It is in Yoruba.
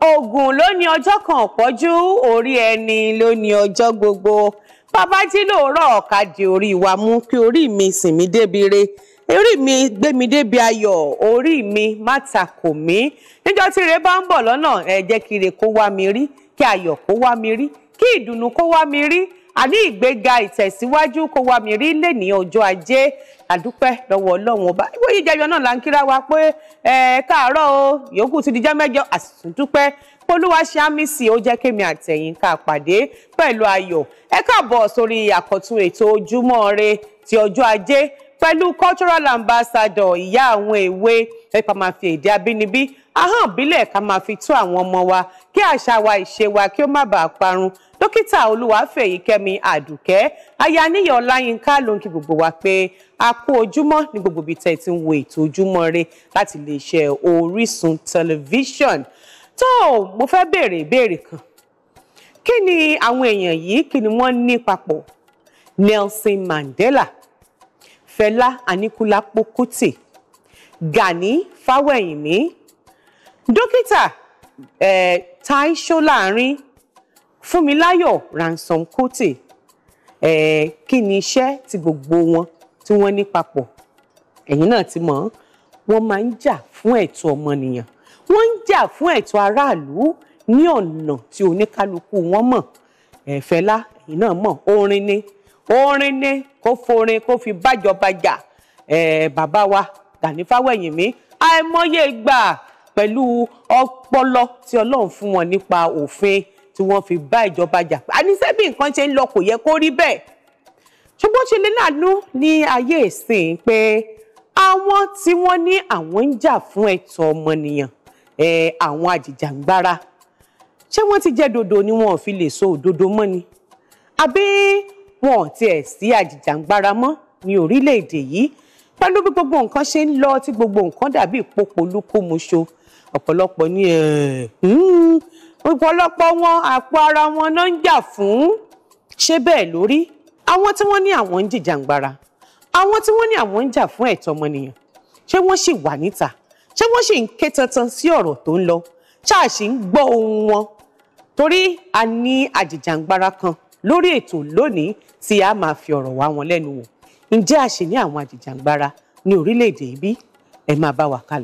Ògùn ló ní ọjọ́ kan ọ̀pọ̀jú orí ẹni ló ní ọjọ́ gbogbo bàbá jí lóòrọ̀ di orí wa mú kí orí mi sìn mí débi orí mi gbé mi débi ayọ̀ orí mi má takò mí níjọ́ tí ire bá ń bọ̀ lọ́nà ẹ jẹ́ kí ire kó wá mi rí kí ayọ̀ kó wá mi rí kí ìdùnnú kó wá mi rí àní ìgbéga ìtẹ̀síwájú kó wá mi rí lẹ́ni ọjọ́ ajé àdúpẹ́ lọ́wọ́ ọlọ́run ọba yìí jẹyọ náà là ń kíra wa pé ẹ káàárọ̀ o yòókù ti dijọ́ mẹ́jọ àsìtúndúpẹ́ polúwa ṣe àmìsì ó jẹ́ kémi àtẹ̀yìn ká pàdé pẹ̀lú ayọ̀ ẹ káàbọ̀ sórí àkọ́tún ètò ojúmọ́ ire ti ọjọ́ ajé pẹ̀lú cultural ambassador ìyá àwọn èwe ẹ ká máa fi èdè abínibí ahọ́n ìbílẹ̀ ká máa fi tó àwọn ọmọ wa kí àṣà wa ìṣe wa kí ó má bàa parun dókítà olúwàfẹ̀yìkẹ́mi àdùkẹ́ ayaníyà ọláyínká ló ń kí gbogbo wa pé a kú ojúmọ́ ní gbogbo ibi tẹ́ ti ń wo ètò ojúmọ́ re láti iléeṣẹ́ orísun tẹlifíṣọ̀n tó mo fẹ́ béèrè ìbéèrè kan kí ni àwọn èèyàn yìí kí ni wọ́n ní papọ̀ Nelson Mandela Fẹlá Aníkúlápó Gani Fáwẹ̀yìnmí dókítà eh, tai ṣọ́láàrin fúnmiláyọ̀ ransom kútì eh, kí ni iṣẹ́ tí gbogbo wọn tí wọ́n ní papọ̀ ẹ̀yin náà ti mọ̀ wọ́n máa ń jà fún ẹ̀tọ́ ọmọnìyàn wọ́n ń jà fún ẹ̀tọ́ aráàlú ní ọ̀nà tí oníkálukú wọn mọ̀ ẹ̀fẹ́lá ẹ̀yin náà mọ̀ orin ni orin ni kó forin kó fi bájọba jà bàbá wa Gani Fáwẹ̀yìnmí àìmọye ìgbà pẹ̀lú ọpọlọ tí Ọlọ́run fún wọn nípa òfin tí wọ́n fi bá ìjọba jà àníṣe bí nǹkan ṣe ń lọ kò yẹ kó rí bẹ́ẹ̀ ṣùgbọ́n ṣe lè láàánú ní ayé ìsìn pé àwọn tí wọ́n ní àwọn ń jà fún ẹ̀tọ́ ọmọnìyàn àwọn àjìjàǹgbara ṣé wọ́n ti jẹ́ dodo ni wọn ò fi lè so òdodo mọ́ ni àbí wọn ò tiẹ̀ sí àjìjàǹgbara mọ́ ní orílẹ̀-èdè yìí pẹ̀lú bí gbogbo nǹkan ṣe ń lọ tí gbogbo nǹkan dàbí ìpopolúkúmuṣo ọ̀pọ̀lọpọ̀ ní hmm, ọ̀pọ̀lọpọ̀ wọn àpò ara wọn náà ń jà fún ṣé bẹ́ẹ̀ lórí àwọn tí wọ́n ní àwọn ń jìjàngbara àwọn tí wọ́n ní àwọn ń jà fún ẹ̀tọ́ ọmọnìyàn ṣé wọ́n sì wà níta ṣé wọ́n sì ń ké tantan sí ọ̀rọ̀ tó ń lọ ṣáà sì ń gbọ́ ohun wọn torí a ní àjìjàngbara kan lórí ètò lónìí tí a máa fi ọ̀rọ̀ wá wọn lẹ́nu wò ǹjẹ́ a ṣì ní àwọn àjìjàǹgbara ní orílẹ̀-èdè yìí bí ẹ máa bá wa ká